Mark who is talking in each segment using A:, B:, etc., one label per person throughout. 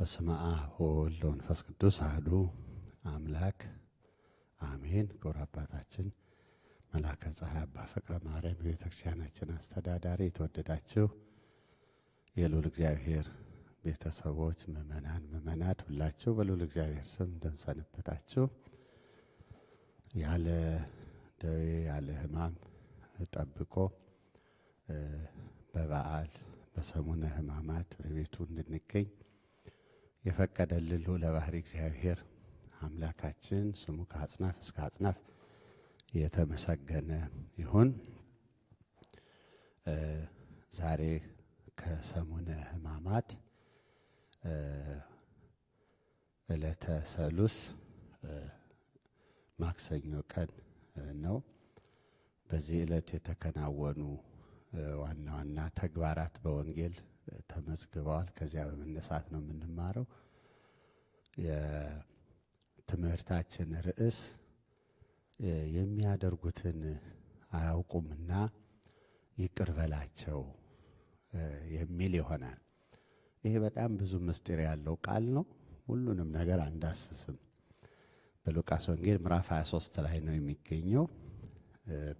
A: በስመ አብ ወወልድ ወመንፈስ ቅዱስ አህዱ አምላክ አሜን። ክቡር አባታችን መላከ ፀሐይ አባ ፍቅረ ማርያም የቤተክርስቲያናችን አስተዳዳሪ፣ የተወደዳችሁ የልዑል እግዚአብሔር ቤተሰቦች፣ ምእመናን፣ ምእመናት ሁላችሁ በልዑል እግዚአብሔር ስም እንደምሰነበታችሁ። ያለ ደዌ ያለ ሕማም ጠብቆ በበዓል በሰሙነ ሕማማት በቤቱ እንድንገኝ የፈቀደልሉ ለባህሪ እግዚአብሔር አምላካችን ስሙ ከአጽናፍ እስከ አጽናፍ የተመሰገነ ይሁን። ዛሬ ከሰሙነ ሕማማት ዕለተ ሰሉስ ማክሰኞ ቀን ነው። በዚህ ዕለት የተከናወኑ ዋና ዋና ተግባራት በወንጌል ተመዝግበዋል። ከዚያ በመነሳት ነው የምንማረው። የትምህርታችን ርዕስ የሚያደርጉትን አያውቁምና ይቅር በላቸው የሚል ይሆናል። ይሄ በጣም ብዙ ምስጢር ያለው ቃል ነው። ሁሉንም ነገር አንዳስስም። በሉቃስ ወንጌል ምዕራፍ 23 ላይ ነው የሚገኘው።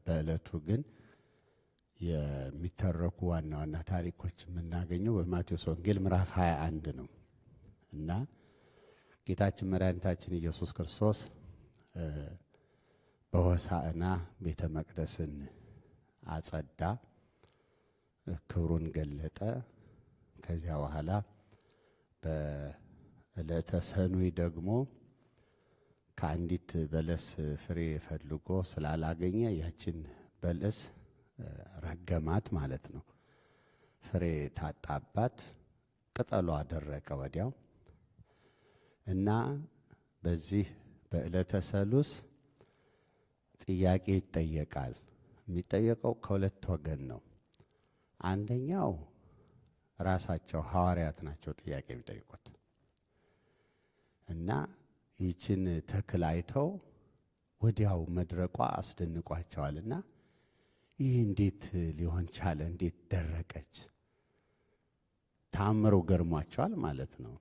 A: በዕለቱ ግን የሚተረኩ ዋና ዋና ታሪኮች የምናገኘው በማቴዎስ ወንጌል ምዕራፍ 21 ነው እና ጌታችን መድኃኒታችን ኢየሱስ ክርስቶስ በሆሳዕና ቤተ መቅደስን አጸዳ፣ ክብሩን ገለጠ። ከዚያ በኋላ በዕለተ ሰኑይ ደግሞ ከአንዲት በለስ ፍሬ ፈልጎ ስላላገኘ ያችን በለስ ረገማት ማለት ነው። ፍሬ ታጣባት፣ ቅጠሏ ደረቀ ወዲያው እና በዚህ በዕለተ ሰሉስ ጥያቄ ይጠየቃል። የሚጠየቀው ከሁለት ወገን ነው። አንደኛው ራሳቸው ሐዋርያት ናቸው ጥያቄ የሚጠይቁት እና ይችን ተክል አይተው ወዲያው መድረቋ አስደንቋቸዋልና ይህ እንዴት ሊሆን ቻለ? እንዴት ደረቀች? ታምሮ ገርሟቸዋል ማለት ነው።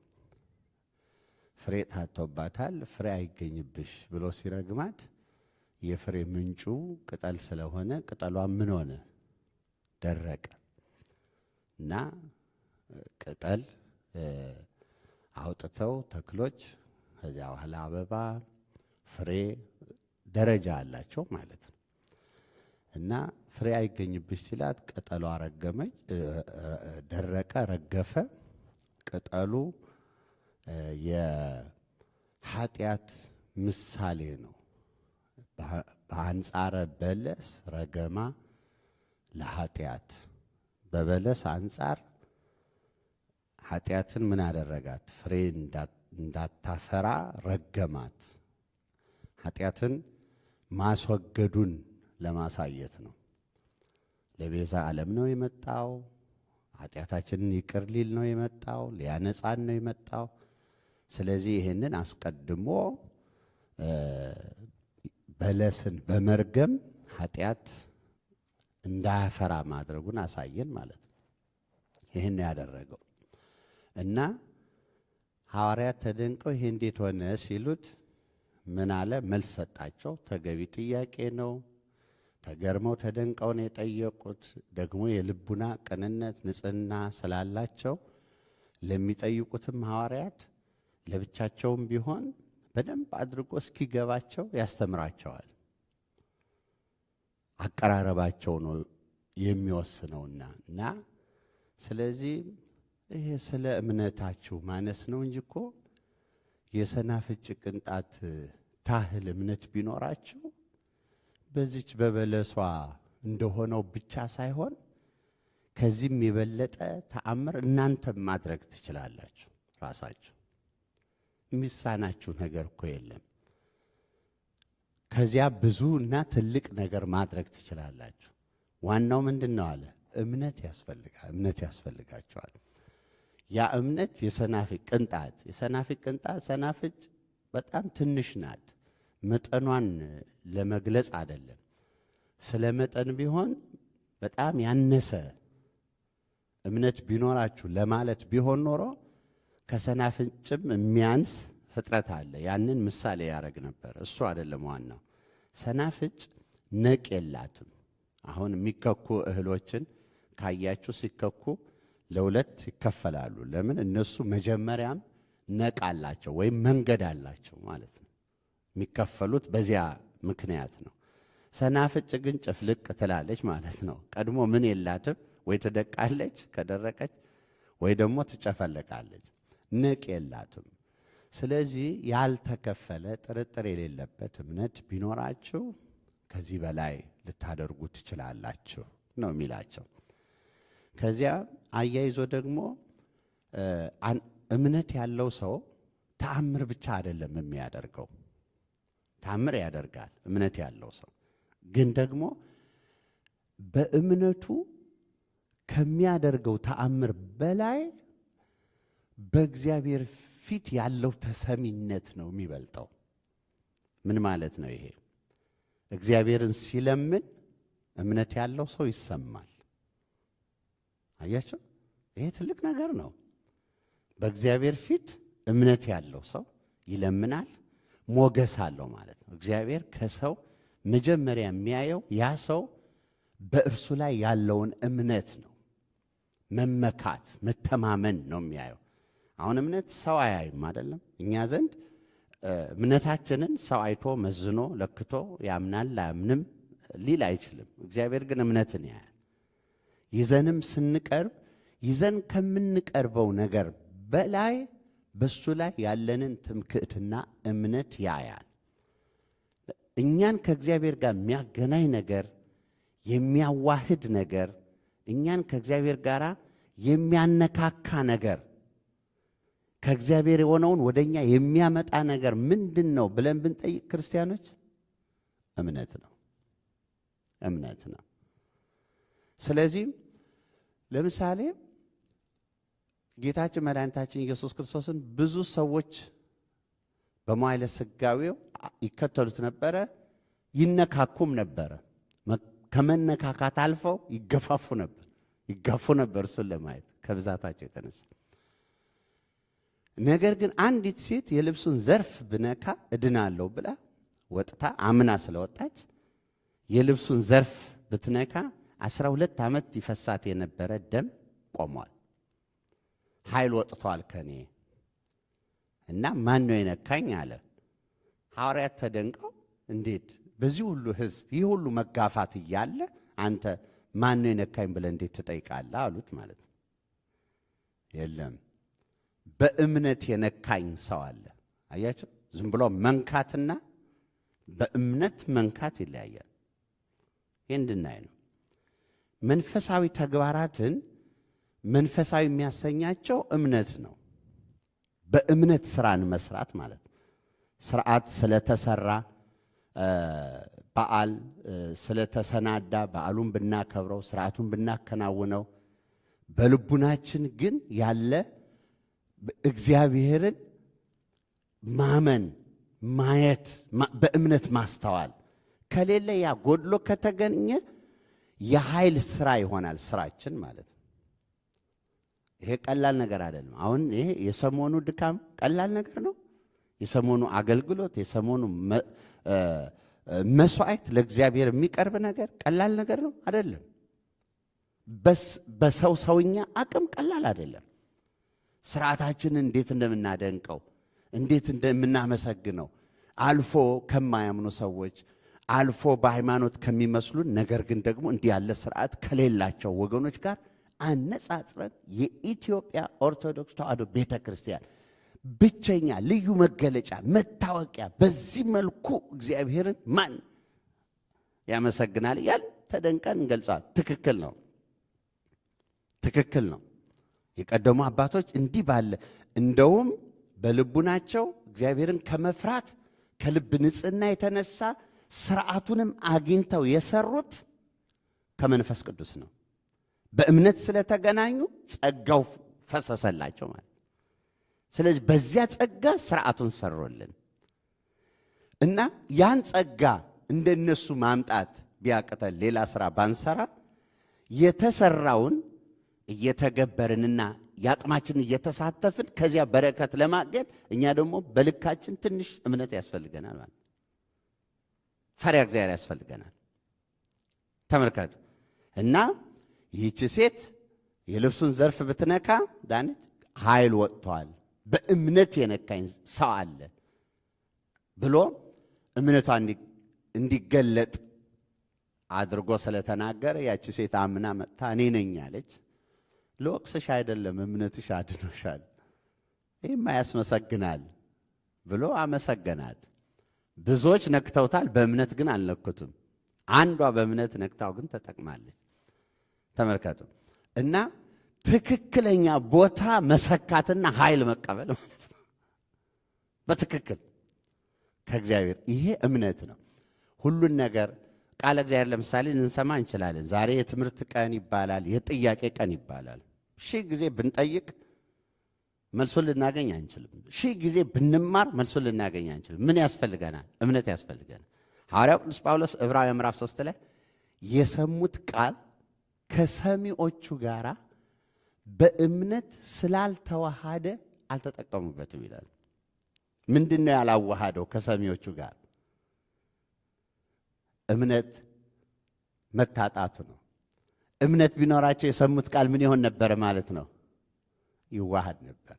A: ፍሬ ታቶባታል። ፍሬ አይገኝብሽ ብሎ ሲረግማት የፍሬ ምንጩ ቅጠል ስለሆነ ቅጠሏ ምን ሆነ? ደረቀ እና ቅጠል አውጥተው ተክሎች ከዚያ በኋላ አበባ፣ ፍሬ ደረጃ አላቸው ማለት ነው እና ፍሬ አይገኝብሽ ሲላት ቅጠሏ አረገመኝ፣ ደረቀ፣ ረገፈ። ቅጠሉ የኃጢአት ምሳሌ ነው። በአንጻረ በለስ ረገማ ለኃጢአት በበለስ አንጻር ኃጢአትን ምን አደረጋት? ፍሬ እንዳታፈራ ረገማት። ኃጢአትን ማስወገዱን ለማሳየት ነው። ለቤዛ ዓለም ነው የመጣው። ኃጢአታችንን ይቅር ሊል ነው የመጣው። ሊያነጻን ነው የመጣው። ስለዚህ ይህንን አስቀድሞ በለስን በመርገም ኃጢአት እንዳያፈራ ማድረጉን አሳየን ማለት ነው። ይህን ያደረገው እና ሐዋርያት ተደንቀው ይሄ እንዴት ሆነ ሲሉት ምን አለ? መልስ ሰጣቸው። ተገቢ ጥያቄ ነው። ተገርመው ተደንቀው ነው የጠየቁት። ደግሞ የልቡና ቅንነት፣ ንጽህና ስላላቸው ለሚጠይቁትም ሐዋርያት ለብቻቸውም ቢሆን በደንብ አድርጎ እስኪገባቸው ያስተምራቸዋል። አቀራረባቸው ነው የሚወስነውና እና ስለዚህ ይሄ ስለ እምነታችሁ ማነስ ነው እንጂ እኮ የሰናፍጭ ቅንጣት ታህል እምነት ቢኖራችሁ በዚች በበለሷ እንደሆነው ብቻ ሳይሆን ከዚህም የበለጠ ተአምር እናንተም ማድረግ ትችላላችሁ። ራሳችሁ የሚሳናችሁ ነገር እኮ የለም። ከዚያ ብዙ እና ትልቅ ነገር ማድረግ ትችላላችሁ። ዋናው ምንድን ነው አለ? እምነት ያስፈልጋል። እምነት ያስፈልጋቸዋል። ያ እምነት የሰናፍጭ ቅንጣት የሰናፍጭ ቅንጣት ሰናፍጭ በጣም ትንሽ ናት። መጠኗን ለመግለጽ አይደለም። ስለ መጠን ቢሆን በጣም ያነሰ እምነት ቢኖራችሁ ለማለት ቢሆን ኖሮ ከሰናፍጭም የሚያንስ ፍጥረት አለ። ያንን ምሳሌ ያደረግ ነበር። እሱ አይደለም ዋናው። ሰናፍጭ ነቅ የላትም። አሁን የሚከኩ እህሎችን ካያችሁ ሲከኩ ለሁለት ይከፈላሉ። ለምን? እነሱ መጀመሪያም ነቅ አላቸው ወይም መንገድ አላቸው ማለት ነው። የሚከፈሉት በዚያ ምክንያት ነው። ሰናፍጭ ግን ጭፍልቅ ትላለች ማለት ነው። ቀድሞ ምን የላትም ወይ ትደቃለች ከደረቀች፣ ወይ ደግሞ ትጨፈልቃለች። ንቅ የላትም። ስለዚህ ያልተከፈለ ጥርጥር የሌለበት እምነት ቢኖራችሁ ከዚህ በላይ ልታደርጉ ትችላላችሁ ነው የሚላቸው። ከዚያ አያይዞ ደግሞ እምነት ያለው ሰው ተአምር ብቻ አይደለም የሚያደርገው ታምር ያደርጋል እምነት ያለው ሰው። ግን ደግሞ በእምነቱ ከሚያደርገው ተአምር በላይ በእግዚአብሔር ፊት ያለው ተሰሚነት ነው የሚበልጠው። ምን ማለት ነው ይሄ? እግዚአብሔርን ሲለምን እምነት ያለው ሰው ይሰማል። አያቸው፣ ይሄ ትልቅ ነገር ነው። በእግዚአብሔር ፊት እምነት ያለው ሰው ይለምናል። ሞገስ አለው ማለት ነው። እግዚአብሔር ከሰው መጀመሪያ የሚያየው ያ ሰው በእርሱ ላይ ያለውን እምነት ነው። መመካት፣ መተማመን ነው የሚያየው። አሁን እምነት ሰው አያይም አይደለም። እኛ ዘንድ እምነታችንን ሰው አይቶ መዝኖ ለክቶ ያምናል ላያምንም ሊል አይችልም። እግዚአብሔር ግን እምነትን ያያል። ይዘንም ስንቀርብ ይዘን ከምንቀርበው ነገር በላይ በሱ ላይ ያለንን ትምክህትና እምነት ያያል። እኛን ከእግዚአብሔር ጋር የሚያገናኝ ነገር፣ የሚያዋህድ ነገር፣ እኛን ከእግዚአብሔር ጋር የሚያነካካ ነገር፣ ከእግዚአብሔር የሆነውን ወደ እኛ የሚያመጣ ነገር ምንድን ነው ብለን ብንጠይቅ ክርስቲያኖች እምነት ነው፣ እምነት ነው። ስለዚህም ለምሳሌ ጌታችን መድኃኒታችን ኢየሱስ ክርስቶስን ብዙ ሰዎች በመዋዕለ ሥጋዌው ይከተሉት ነበረ፣ ይነካኩም ነበረ። ከመነካካት አልፈው ይገፋፉ ነበር ይጋፉ ነበር እሱን ለማየት ከብዛታቸው የተነሳ። ነገር ግን አንዲት ሴት የልብሱን ዘርፍ ብነካ እድናለሁ ብላ ወጥታ አምና ስለወጣች የልብሱን ዘርፍ ብትነካ አስራ ሁለት ዓመት ይፈሳት የነበረ ደም ቆሟል። ኃይል ወጥቷል ከኔ እና ማን ነው የነካኝ አለ። ሐዋርያት ተደንቀው እንዴት በዚህ ሁሉ ህዝብ ይህ ሁሉ መጋፋት እያለ አንተ ማን ነው የነካኝ ብለህ እንዴት ትጠይቃለህ? አሉት ማለት ነው። የለም በእምነት የነካኝ ሰው አለ። አያቸው ዝም ብሎ መንካትና በእምነት መንካት ይለያያል። ይህ እንድናይ ነው መንፈሳዊ ተግባራትን መንፈሳዊ የሚያሰኛቸው እምነት ነው። በእምነት ስራን መስራት ማለት ነው። ስርዓት ስለተሰራ በዓል ስለተሰናዳ በዓሉን ብናከብረው ስርዓቱን ብናከናውነው በልቡናችን ግን ያለ እግዚአብሔርን ማመን ማየት፣ በእምነት ማስተዋል ከሌለ ያ ጎድሎ ከተገኘ የኃይል ስራ ይሆናል ስራችን ማለት ነው። ይሄ ቀላል ነገር አይደለም። አሁን ይሄ የሰሞኑ ድካም ቀላል ነገር ነው። የሰሞኑ አገልግሎት፣ የሰሞኑ መስዋዕት ለእግዚአብሔር የሚቀርብ ነገር ቀላል ነገር ነው አይደለም። በሰው ሰውኛ አቅም ቀላል አይደለም። ስርዓታችንን እንዴት እንደምናደንቀው እንዴት እንደምናመሰግነው አልፎ ከማያምኑ ሰዎች አልፎ በሃይማኖት ከሚመስሉን ነገር ግን ደግሞ እንዲህ ያለ ስርዓት ከሌላቸው ወገኖች ጋር አነጻጽረን የኢትዮጵያ ኦርቶዶክስ ተዋህዶ ቤተ ክርስቲያን ብቸኛ ልዩ መገለጫ መታወቂያ በዚህ መልኩ እግዚአብሔርን ማን ያመሰግናል እያል ተደንቀን እንገልጸዋል። ትክክል ነው፣ ትክክል ነው። የቀደሙ አባቶች እንዲህ ባለ እንደውም በልቡናቸው እግዚአብሔርን ከመፍራት ከልብ ንጽህና የተነሳ ስርዓቱንም አግኝተው የሰሩት ከመንፈስ ቅዱስ ነው። በእምነት ስለተገናኙ ጸጋው ፈሰሰላቸው ማለት። ስለዚህ በዚያ ጸጋ ስርዓቱን ሰሮልን እና ያን ጸጋ እንደነሱ ማምጣት ቢያቅተን ሌላ ስራ ባንሰራ የተሰራውን እየተገበርንና የአቅማችን እየተሳተፍን ከዚያ በረከት ለማገድ እኛ ደግሞ በልካችን ትንሽ እምነት ያስፈልገናል ማለት ፈሪያ እግዚአብሔር ያስፈልገናል። ተመልከቱ እና ይህች ሴት የልብሱን ዘርፍ ብትነካ ዳነች፣ ኃይል ወጥቷል፣ በእምነት የነካኝ ሰው አለ ብሎ እምነቷ እንዲገለጥ አድርጎ ስለተናገረ ያቺ ሴት አምና መጥታ እኔ ነኝ አለች። ልወቅስሽ አይደለም እምነትሽ አድኖሻል፣ ይህማ ያስመሰግናል ብሎ አመሰገናት። ብዙዎች ነክተውታል፣ በእምነት ግን አልነኩትም። አንዷ በእምነት ነክታው ግን ተጠቅማለች። ተመልከቱ። እና ትክክለኛ ቦታ መሰካትና ኃይል መቀበል ማለት ነው። በትክክል ከእግዚአብሔር ይሄ እምነት ነው። ሁሉን ነገር ቃለ እግዚአብሔር ለምሳሌ ልንሰማ እንችላለን። ዛሬ የትምህርት ቀን ይባላል፣ የጥያቄ ቀን ይባላል። ሺህ ጊዜ ብንጠይቅ መልሱን ልናገኝ አንችልም። ሺህ ጊዜ ብንማር መልሱን ልናገኝ አንችልም። ምን ያስፈልገናል? እምነት ያስፈልገናል። ሐዋርያው ቅዱስ ጳውሎስ ዕብራውያን ምዕራፍ ሶስት ላይ የሰሙት ቃል ከሰሚዎቹ ጋር በእምነት ስላልተዋሃደ አልተጠቀሙበትም ይላል። ምንድን ነው ያላዋሃደው? ከሰሚዎቹ ጋር እምነት መታጣቱ ነው። እምነት ቢኖራቸው የሰሙት ቃል ምን ይሆን ነበር ማለት ነው? ይዋሃድ ነበር።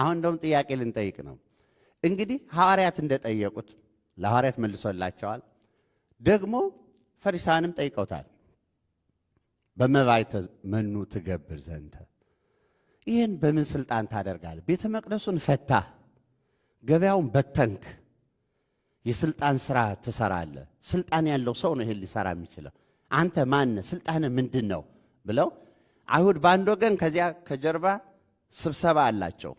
A: አሁን እንደውም ጥያቄ ልንጠይቅ ነው። እንግዲህ ሐዋርያት እንደጠየቁት ለሐዋርያት መልሶላቸዋል። ደግሞ ፈሪሳውያንም ጠይቀውታል። በመባይተ መኑ ትገብር ዘንተ ይህን በምን ስልጣን ታደርጋለህ? ቤተ መቅደሱን ፈታህ፣ ገበያውን በተንክ፣ የስልጣን ስራ ትሰራለህ። ስልጣን ያለው ሰው ነው ይህን ሊሰራ የሚችለው። አንተ ማነ? ስልጣን ምንድን ነው ብለው አይሁድ በአንድ ወገን፣ ከዚያ ከጀርባ ስብሰባ አላቸው፣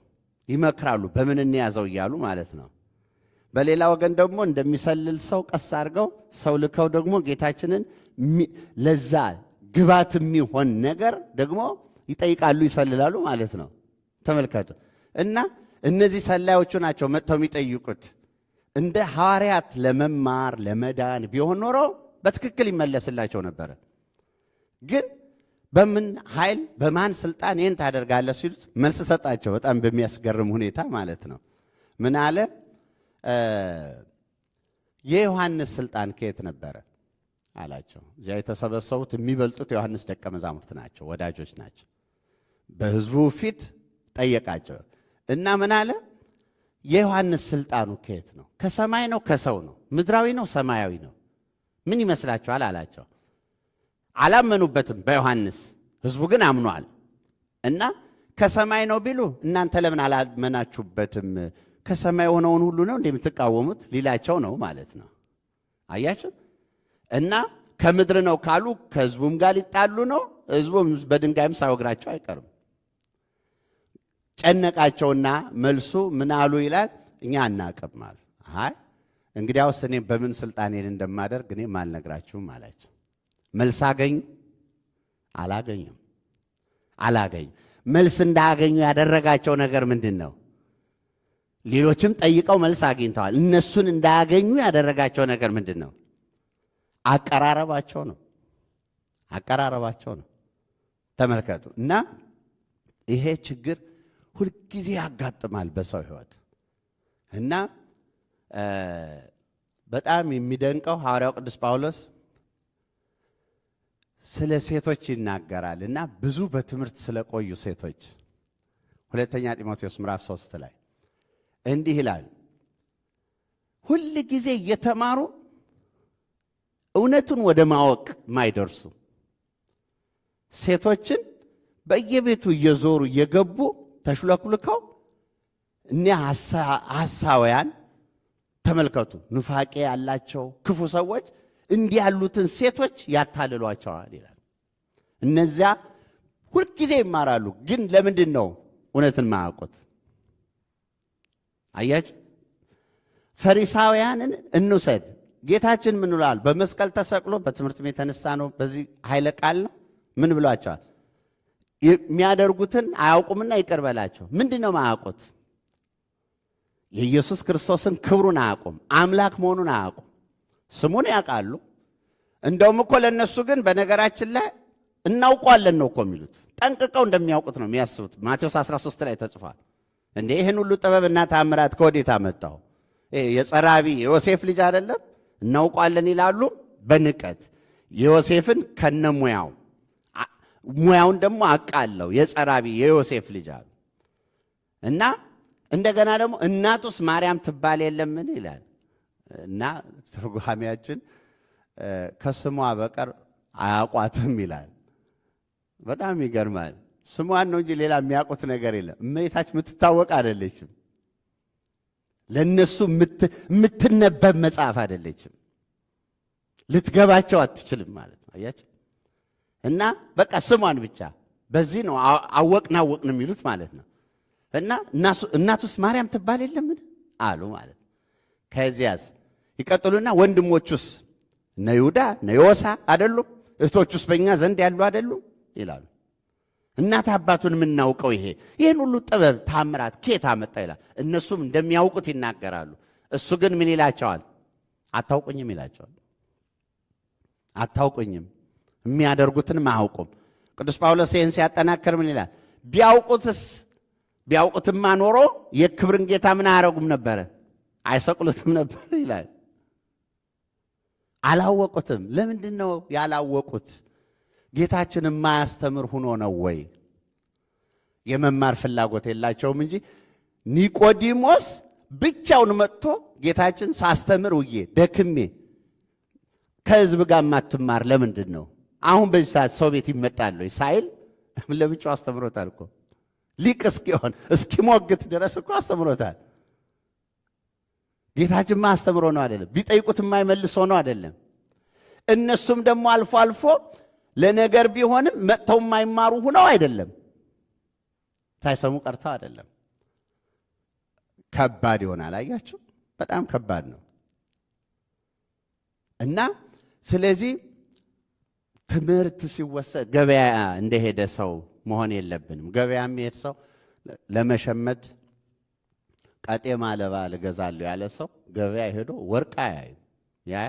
A: ይመክራሉ፣ በምን እንያዘው እያሉ ማለት ነው። በሌላ ወገን ደግሞ እንደሚሰልል ሰው ቀስ አድርገው ሰው ልከው ደግሞ ጌታችንን ለዛ ግባት የሚሆን ነገር ደግሞ ይጠይቃሉ፣ ይሰልላሉ ማለት ነው። ተመልከቱ እና እነዚህ ሰላዮቹ ናቸው መጥተው የሚጠይቁት። እንደ ሐዋርያት ለመማር ለመዳን ቢሆን ኖሮ በትክክል ይመለስላቸው ነበረ። ግን በምን ኃይል በማን ስልጣን ይህን ታደርጋለህ ሲሉት መልስ ሰጣቸው። በጣም በሚያስገርም ሁኔታ ማለት ነው። ምን አለ? የዮሐንስ ስልጣን ከየት ነበረ? አላቸው። እዚያ የተሰበሰቡት የሚበልጡት ዮሐንስ ደቀ መዛሙርት ናቸው፣ ወዳጆች ናቸው። በህዝቡ ፊት ጠየቃቸው እና ምን አለ? የዮሐንስ ስልጣኑ ከየት ነው? ከሰማይ ነው? ከሰው ነው? ምድራዊ ነው? ሰማያዊ ነው? ምን ይመስላችኋል? አላቸው። አላመኑበትም በዮሐንስ ህዝቡ ግን አምኗል። እና ከሰማይ ነው ቢሉ እናንተ ለምን አላመናችሁበትም? ከሰማይ የሆነውን ሁሉ ነው እንደምትቃወሙት ሊላቸው ነው ማለት ነው። አያችሁ እና ከምድር ነው ካሉ ከህዝቡም ጋር ሊጣሉ ነው። ህዝቡም በድንጋይም ሳይወግራቸው አይቀርም። ጨነቃቸውና መልሱ ምን አሉ ይላል፣ እኛ አናቅም አሉ። አይ እንግዲያውስ እኔ በምን ስልጣኔን እንደማደርግ እኔ አልነግራችሁም አላቸው። መልስ አገኙ አላገኙም? አላገኙ። መልስ እንዳያገኙ ያደረጋቸው ነገር ምንድን ነው? ሌሎችም ጠይቀው መልስ አግኝተዋል። እነሱን እንዳያገኙ ያደረጋቸው ነገር ምንድን ነው? አቀራረባቸው ነው። አቀራረባቸው ነው። ተመልከቱ እና ይሄ ችግር ሁልጊዜ ያጋጥማል በሰው ህይወት እና በጣም የሚደንቀው ሐዋርያው ቅዱስ ጳውሎስ ስለ ሴቶች ይናገራል እና ብዙ በትምህርት ስለቆዩ ሴቶች ሁለተኛ ጢሞቴዎስ ምዕራፍ ሶስት ላይ እንዲህ ይላል ሁል ጊዜ እየተማሩ እውነቱን ወደ ማወቅ ማይደርሱ ሴቶችን በየቤቱ እየዞሩ እየገቡ ተሽለኩልከው እኒ ሐሳውያን ተመልከቱ፣ ኑፋቄ ያላቸው ክፉ ሰዎች እንዲህ ያሉትን ሴቶች ያታልሏቸዋል ይላል። እነዚያ ሁልጊዜ ይማራሉ፣ ግን ለምንድን ነው እውነትን ማያውቁት? አያችሁ፣ ፈሪሳውያንን እንውሰድ ጌታችን ምን ብሏል? በመስቀል ተሰቅሎ በትምህርት ቤት የተነሳ ነው። በዚህ ኃይለ ቃል ነው። ምን ብሏቸዋል? የሚያደርጉትን አያውቁምና ይቅር በላቸው። ምንድን ነው ማያውቁት? የኢየሱስ ክርስቶስን ክብሩን አያውቁም። አምላክ መሆኑን አያውቁም። ስሙን ያውቃሉ። እንደውም እኮ ለእነሱ ግን በነገራችን ላይ እናውቀዋለን ነው እኮ የሚሉት። ጠንቅቀው እንደሚያውቁት ነው የሚያስቡት። ማቴዎስ 13 ላይ ተጽፏል። እንዴ ይህን ሁሉ ጥበብና ታምራት ከወዴት አመጣው? የጸራቢ የዮሴፍ ልጅ አይደለም? እናውቋለን ይላሉ በንቀት ዮሴፍን ሙያው ሙያውን ደግሞ አቃለው የጸራቢ የዮሴፍ ልጅ አሉ እና እንደገና ደግሞ እናቱስ ማርያም ትባል የለምን ይላል እና ትርጓሚያችን ከስሟ በቀር አያቋትም ይላል። በጣም ይገርማል። ስሟን ነው እንጂ ሌላ የሚያውቁት ነገር የለም። እመቤታችን የምትታወቅ አደለችም። ለእነሱ የምትነበብ መጽሐፍ አይደለችም። ልትገባቸው አትችልም ማለት ነው። አያቸው እና በቃ ስሟን ብቻ በዚህ ነው አወቅን አወቅን የሚሉት ማለት ነው። እና እናቱስ ማርያም ትባል የለምን አሉ ማለት ነው። ከዚያስ ይቀጥሉና ወንድሞቹስ እነ ይሁዳ እነ ዮሳ አይደሉም? እህቶቹስ በእኛ ዘንድ ያሉ አይደሉም ይላሉ። እናት አባቱን የምናውቀው ይሄ ይህን ሁሉ ጥበብ ታምራት ኬት አመጣ ይላል። እነሱም እንደሚያውቁት ይናገራሉ። እሱ ግን ምን ይላቸዋል? አታውቁኝም ይላቸዋል። አታውቁኝም የሚያደርጉትን አያውቁም። ቅዱስ ጳውሎስ ይህን ሲያጠናክር ምን ይላል? ቢያውቁትስ ቢያውቁትማ ኖሮ የክብርን ጌታ ምን አያረጉም ነበረ? አይሰቅሉትም ነበር ይላል። አላወቁትም። ለምንድን ነው ያላወቁት? ጌታችን የማያስተምር ሁኖ ነው ወይ? የመማር ፍላጎት የላቸውም እንጂ ኒቆዲሞስ ብቻውን መጥቶ ጌታችን ሳስተምር ውዬ ደክሜ ከህዝብ ጋር ማትማር ለምንድን ነው አሁን በዚህ ሰዓት ሰው ቤት ይመጣል ወይ ሳይል ለብቻው አስተምሮታል እኮ ሊቅ እስኪሆን እስኪሞግት ድረስ እኮ አስተምሮታል። ጌታችን ማስተምሮ ነው አይደለም፣ ቢጠይቁት የማይመልስ ሆኖ አይደለም። እነሱም ደግሞ አልፎ አልፎ ለነገር ቢሆንም መጥተው የማይማሩ ሁነው አይደለም፣ ሳይሰሙ ቀርተው አይደለም። ከባድ ይሆናል። አያችሁ፣ በጣም ከባድ ነው እና ስለዚህ ትምህርት ሲወሰድ ገበያ እንደሄደ ሰው መሆን የለብንም። ገበያ የሚሄድ ሰው ለመሸመት ቀጤማ ለባ ልገዛለሁ ያለ ሰው ገበያ ሄዶ ወርቅ አያይም። ያ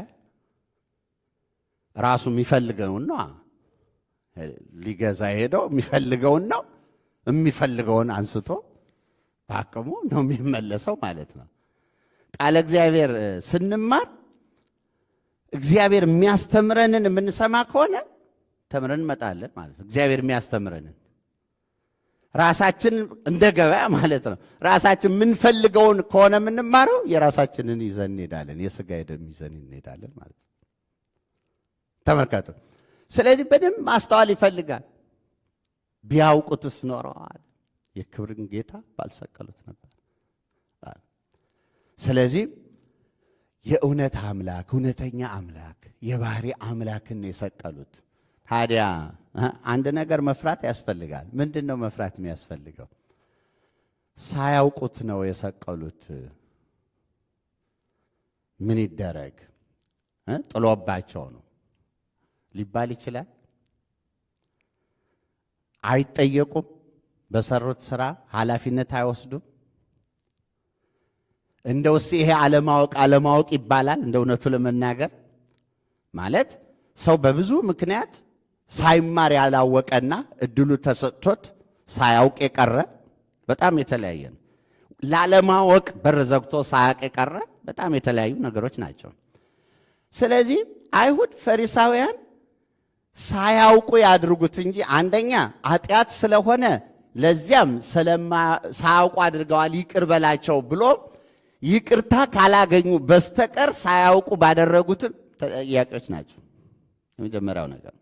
A: ራሱ የሚፈልገውን ነው። ሊገዛ ሄደው የሚፈልገውን ነው የሚፈልገውን አንስቶ በአቅሙ ነው የሚመለሰው ማለት ነው። ቃለ እግዚአብሔር ስንማር እግዚአብሔር የሚያስተምረንን የምንሰማ ከሆነ ተምረን እንመጣለን ማለት ነው። እግዚአብሔር የሚያስተምረንን ራሳችን እንደ ገበያ ማለት ነው። ራሳችን የምንፈልገውን ከሆነ የምንማረው የራሳችንን ይዘን እንሄዳለን፣ የስጋ ደም ይዘን እንሄዳለን ማለት ነው። ተመልከቱ። ስለዚህ በደንብ ማስተዋል ይፈልጋል። ቢያውቁትስ ኖረዋል የክብርን ጌታ ባልሰቀሉት ነበር። ስለዚህ የእውነት አምላክ እውነተኛ አምላክ የባህሪ አምላክን የሰቀሉት። ታዲያ አንድ ነገር መፍራት ያስፈልጋል። ምንድን ነው መፍራት የሚያስፈልገው? ሳያውቁት ነው የሰቀሉት። ምን ይደረግ ጥሎባቸው ነው ሊባል ይችላል። አይጠየቁም። በሰሩት ስራ ኃላፊነት አይወስዱም። እንደውስ ይሄ አለማወቅ አለማወቅ ይባላል። እንደ እውነቱ ለመናገር ማለት ሰው በብዙ ምክንያት ሳይማር ያላወቀና እድሉ ተሰጥቶት ሳያውቅ የቀረ በጣም የተለያየ ነው። ላለማወቅ በር ዘግቶ ሳያውቅ የቀረ በጣም የተለያዩ ነገሮች ናቸው። ስለዚህ አይሁድ፣ ፈሪሳውያን ሳያውቁ ያድርጉት እንጂ አንደኛ ኃጢአት ስለሆነ ለዚያም ሳያውቁ አድርገዋል ይቅር በላቸው ብሎ ይቅርታ ካላገኙ በስተቀር ሳያውቁ ባደረጉትም ተጠያቂዎች ናቸው። የመጀመሪያው ነገር።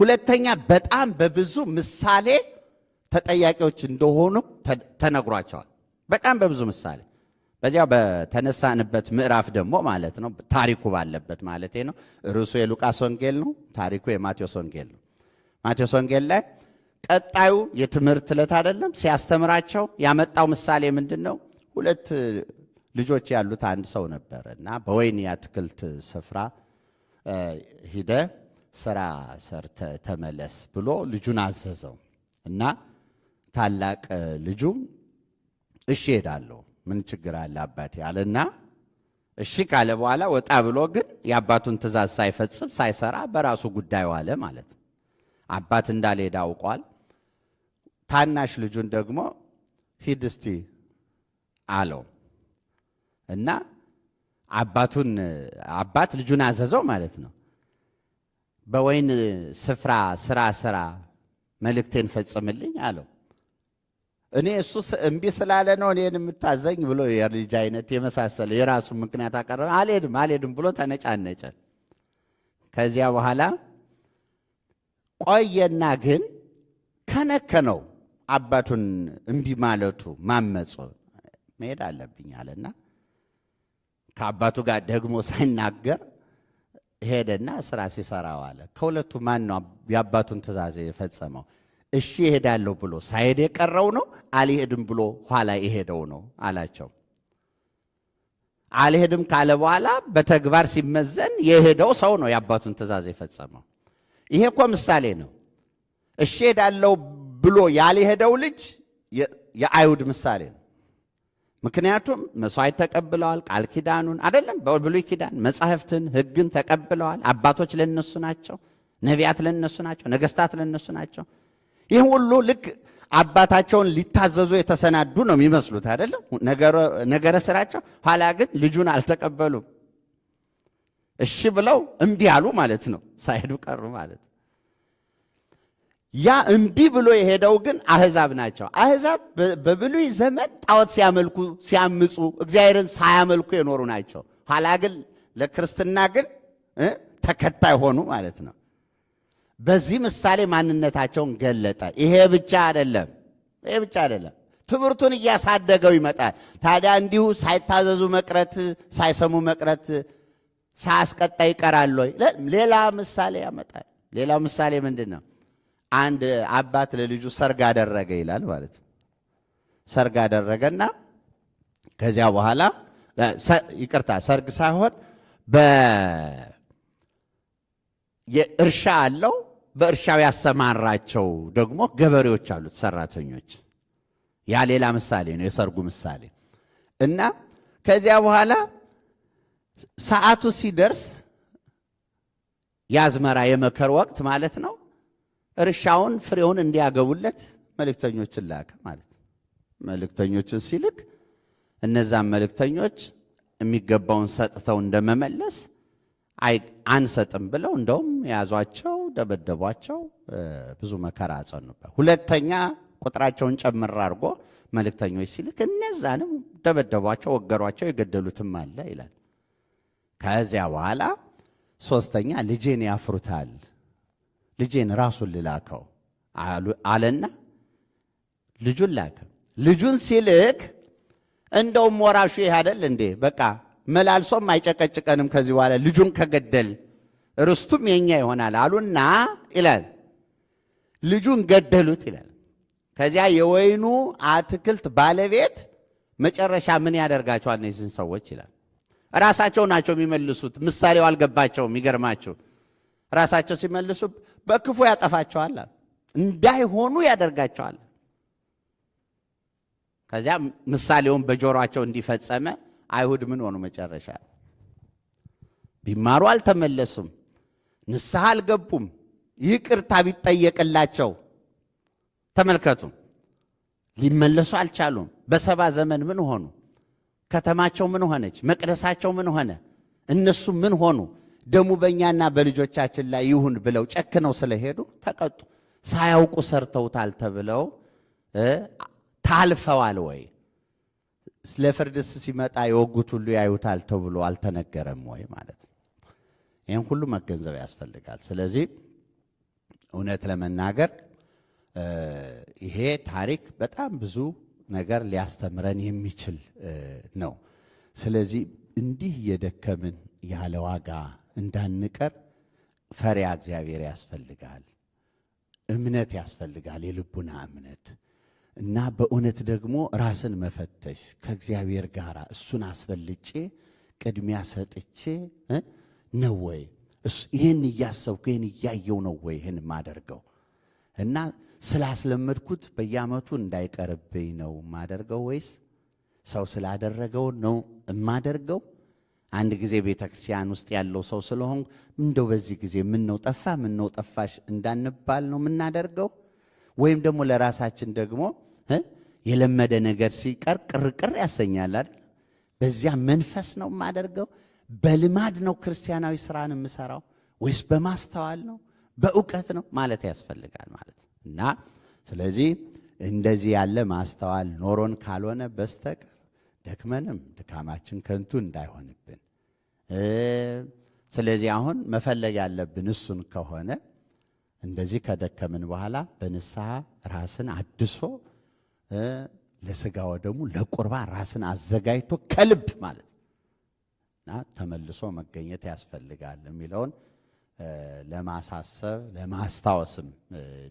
A: ሁለተኛ በጣም በብዙ ምሳሌ ተጠያቂዎች እንደሆኑ ተነግሯቸዋል። በጣም በብዙ ምሳሌ በዚያ በተነሳንበት ምዕራፍ ደግሞ ማለት ነው ታሪኩ ባለበት ማለት ነው። ርዕሱ የሉቃስ ወንጌል ነው፣ ታሪኩ የማቴዎስ ወንጌል ነው። ማቴዎስ ወንጌል ላይ ቀጣዩ የትምህርት ዕለት አይደለም። ሲያስተምራቸው ያመጣው ምሳሌ ምንድን ነው? ሁለት ልጆች ያሉት አንድ ሰው ነበር እና በወይን የአትክልት ስፍራ ሂደ ስራ ሰርተ ተመለስ ብሎ ልጁን አዘዘው እና ታላቅ ልጁ እሺ ሄዳለሁ ምን ችግር አለ አባቴ አለና እሺ ካለ በኋላ ወጣ ብሎ ግን የአባቱን ትእዛዝ ሳይፈጽም ሳይሰራ በራሱ ጉዳዩ አለ ማለት ነው። አባት እንዳልሄደ አውቋል። ታናሽ ልጁን ደግሞ ሂድ እስቲ አለው እና አባቱን አባት ልጁን አዘዘው ማለት ነው። በወይን ስፍራ ስራ ስራ መልእክቴን ፈጽምልኝ አለው። እኔ እሱ እምቢ ስላለ ነው እኔን የምታዘኝ ብሎ የልጅ አይነት የመሳሰለ የራሱ ምክንያት አቀረበ። አልሄድም አልሄድም ብሎ ተነጫነጨ። ከዚያ በኋላ ቆየና ግን ከነከነው አባቱን እምቢ ማለቱ ማመፁ መሄድ አለብኝ አለና ከአባቱ ጋር ደግሞ ሳይናገር ሄደና ስራ ሲሰራው አለ። ከሁለቱ ማን ነው የአባቱን ትእዛዝ የፈጸመው? እሺ ይሄዳለሁ ብሎ ሳይሄድ የቀረው ነው። አልሄድም ብሎ ኋላ የሄደው ነው አላቸው። አልሄድም ካለ በኋላ በተግባር ሲመዘን የሄደው ሰው ነው የአባቱን ትእዛዝ የፈጸመው። ይሄ እኮ ምሳሌ ነው። እሺ ሄዳለው ብሎ ያልሄደው ልጅ የአይሁድ ምሳሌ ነው። ምክንያቱም መስዋዕት ተቀብለዋል። ቃል ኪዳኑን አደለም፣ በብሉይ ኪዳን መጻሕፍትን፣ ሕግን ተቀብለዋል። አባቶች ለነሱ ናቸው፣ ነቢያት ለነሱ ናቸው፣ ነገሥታት ለነሱ ናቸው። ይህ ሁሉ ልክ አባታቸውን ሊታዘዙ የተሰናዱ ነው የሚመስሉት አይደለም ነገረ ስራቸው። ኋላ ግን ልጁን አልተቀበሉም። እሺ ብለው እምቢ አሉ ማለት ነው። ሳይሄዱ ቀሩ ማለት ያ እምቢ ብሎ የሄደው ግን አህዛብ ናቸው። አህዛብ በብሉይ ዘመን ጣዖት ሲያመልኩ ሲያምፁ፣ እግዚአብሔርን ሳያመልኩ የኖሩ ናቸው። ኋላ ግን ለክርስትና ግን ተከታይ ሆኑ ማለት ነው። በዚህ ምሳሌ ማንነታቸውን ገለጠ። ይሄ ብቻ አይደለም፣ ይሄ ብቻ አይደለም። ትምህርቱን እያሳደገው ይመጣል። ታዲያ እንዲሁ ሳይታዘዙ መቅረት፣ ሳይሰሙ መቅረት ሳያስቀጣ ይቀራል ወይ? ሌላ ምሳሌ ያመጣል። ሌላ ምሳሌ ምንድን ነው? አንድ አባት ለልጁ ሰርግ አደረገ ይላል ማለት ነው። ሰርግ አደረገና ከዚያ በኋላ ይቅርታ፣ ሰርግ ሳይሆን በእርሻ አለው በእርሻው ያሰማራቸው ደግሞ ገበሬዎች አሉት፣ ሰራተኞች። ያ ሌላ ምሳሌ ነው፣ የሰርጉ ምሳሌ እና ከዚያ በኋላ ሰዓቱ ሲደርስ የአዝመራ የመከር ወቅት ማለት ነው። እርሻውን ፍሬውን እንዲያገቡለት መልእክተኞችን ላከ ማለት ነው። መልእክተኞችን ሲልክ እነዛን መልእክተኞች የሚገባውን ሰጥተው እንደመመለስ አንሰጥም ብለው እንደውም የያዟቸው ደበደቧቸው፣ ብዙ መከራ አጸኑበት። ሁለተኛ ቁጥራቸውን ጨምር አድርጎ መልእክተኞች ሲልክ እነዛንም ደበደቧቸው፣ ወገሯቸው፣ የገደሉትም አለ ይላል። ከዚያ በኋላ ሶስተኛ ልጄን ያፍሩታል፣ ልጄን ራሱን ልላከው አለና ልጁን ላከ። ልጁን ሲልክ እንደውም ወራሹ ይህ አደል እንዴ? በቃ መላልሶም አይጨቀጭቀንም ከዚህ በኋላ ልጁን ከገደል ርስቱም የኛ ይሆናል አሉና ይላል ልጁን ገደሉት ይላል። ከዚያ የወይኑ አትክልት ባለቤት መጨረሻ ምን ያደርጋቸዋል እነዚህን ሰዎች ይላል። ራሳቸው ናቸው የሚመልሱት። ምሳሌው አልገባቸውም። ይገርማችሁ ራሳቸው ሲመልሱ በክፉ ያጠፋቸዋል፣ እንዳይሆኑ ያደርጋቸዋል። ከዚያ ምሳሌውን በጆሮአቸው እንዲፈጸመ አይሁድ ምን ሆኑ መጨረሻ ቢማሩ አልተመለሱም። ንስሐ አልገቡም። ይቅርታ ቢጠየቅላቸው ተመልከቱ፣ ሊመለሱ አልቻሉም። በሰባ ዘመን ምን ሆኑ? ከተማቸው ምን ሆነች? መቅደሳቸው ምን ሆነ? እነሱ ምን ሆኑ? ደሙ በእኛና በልጆቻችን ላይ ይሁን ብለው ጨክነው ስለሄዱ ተቀጡ። ሳያውቁ ሰርተውታል ተብለው ታልፈዋል ወይ? ለፍርድስ ሲመጣ የወጉት ሁሉ ያዩታል ተብሎ አልተነገረም ወይ ማለት ነው። ይህን ሁሉ መገንዘብ ያስፈልጋል። ስለዚህ እውነት ለመናገር ይሄ ታሪክ በጣም ብዙ ነገር ሊያስተምረን የሚችል ነው። ስለዚህ እንዲህ እየደከምን ያለ ዋጋ እንዳንቀር ፈሪያ እግዚአብሔር ያስፈልጋል። እምነት ያስፈልጋል፣ የልቡና እምነት እና በእውነት ደግሞ ራስን መፈተሽ ከእግዚአብሔር ጋር እሱን አስበልጬ ቅድሚያ ሰጥቼ ነው ወይ? ይህን እያሰብኩ ይህን እያየው ነው ወይ ይህን ማደርገው? እና ስላስለመድኩት በየዓመቱ እንዳይቀርብኝ ነው የማደርገው ወይስ ሰው ስላደረገው ነው የማደርገው? አንድ ጊዜ ቤተ ክርስቲያን ውስጥ ያለው ሰው ስለሆን እንደው በዚህ ጊዜ ምን ነው ጠፋ ምን ነው ጠፋሽ እንዳንባል ነው የምናደርገው? ወይም ደግሞ ለራሳችን ደግሞ የለመደ ነገር ሲቀር ቅርቅር ያሰኛል አይደል? በዚያ መንፈስ ነው የማደርገው በልማድ ነው ክርስቲያናዊ ስራን የምሰራው ወይስ በማስተዋል ነው በእውቀት ነው ማለት ያስፈልጋል ማለት እና ስለዚህ እንደዚህ ያለ ማስተዋል ኖሮን ካልሆነ በስተቀር ደክመንም ድካማችን ከንቱ እንዳይሆንብን ስለዚህ አሁን መፈለግ ያለብን እሱን ከሆነ እንደዚህ ከደከምን በኋላ በንስሐ ራስን አድሶ ለስጋ ደግሞ ለቁርባ ራስን አዘጋጅቶ ከልብ ማለት እና ተመልሶ መገኘት ያስፈልጋል የሚለውን ለማሳሰብ ለማስታወስም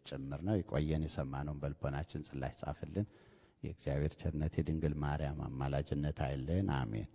A: ጭምር ነው። ይቆየን የሰማነውን በልቦናችን ጽላሽ ጻፍልን። የእግዚአብሔር ቸርነት የድንግል ማርያም አማላጅነት አይለን። አሜን።